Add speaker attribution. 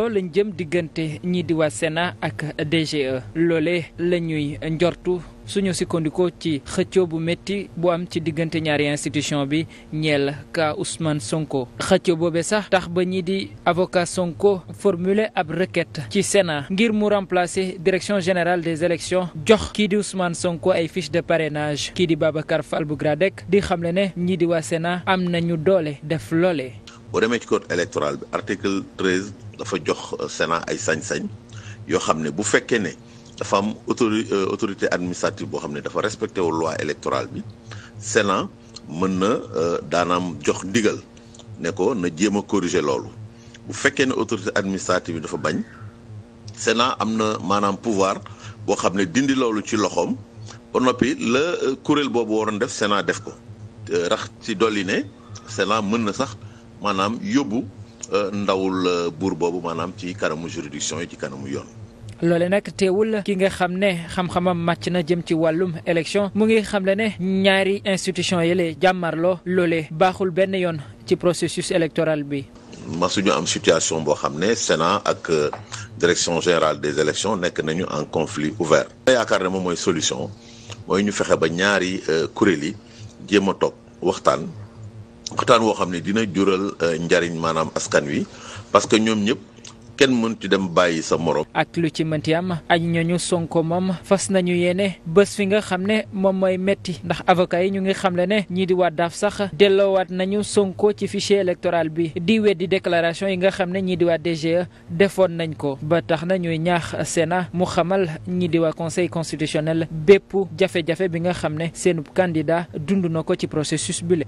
Speaker 1: toppatoo lañ jëm diggante ñii di waa Sénat ak DGE loole la ñuy njortu suñu sukkandikoo ci xëccoo bu métti bu am ci diggante ñaari institution bi ñeel ka Ousmane Sonko xëccoo boobe sax tax ba ñii di avocat Sonko formuler ab requête ci Sénat ngir mu remplacer direction général des élections jox kii di Ousmane Sonko ay fiche de parrainage kii di Babacar Fall bu Gradec di xamle ne ñii di waa Sénat am na ñu doole def lole
Speaker 2: boo demee ci code bi article dafa jox Sénat ay sañ-sañ yoo xam ne bu fekkee ne. dafa am euh, autorité administrative boo xam ne dafa respecté wu loi électorale bi Sénat mën na euh, daanaam jox ndigal ne ko na jéem a corriger loolu bu fekkee ne autorité administrative bi dafa bañ Sénat am na maanaam pouvoir boo xam ne dindi loolu ci loxoom ba noppi la euh, kuréel boobu waroon def Sénat def ko rax ci dolli ne Sénat mën na sax maanaam yóbbu ndawul buur boobu maanaam ci kanamu juridiction yi ci kanamu yoon
Speaker 1: loole nag teewul ki nga xam ne xam-xamam màcc na jëm ci wàllum élection mu ngi xamle ne ñaari institution yi la jàmmarloo loolee baaxul benn yoon ci processus électoral bi.
Speaker 2: ma masuñu am situation boo xam ne Sénat ak euh, direction général des élections nekk nañu en conflit ouvert. yaakaar ne moom mooy solution mooy ñu fexe ba ñaari euh, kuréel yi jéem a toog waxtaan waxtaan woo xam ne dina jural euh, njariñ maanaam askan wi parce que ñoom ñëpp. kenn mënti dem bàyyi sa morom.
Speaker 1: ak lu ci mënti am aji ñooñu Sonko moom fas nañu yéene bés fi nga xam ne moom mooy métti ndax avocat yi ñu ngi xam ne ñii di waa sax delloowaat nañu Sonko ci fichier électoral bi di weddi déclaration yi nga xam ne ñii di waa DGE defoon nañ ko ba tax na ñuy ñaax Sénat mu xamal ñii di waa conseil constitutionnel bépp jafe-jafe bi nga xam ne seenub candidat dund na ko ci processus bi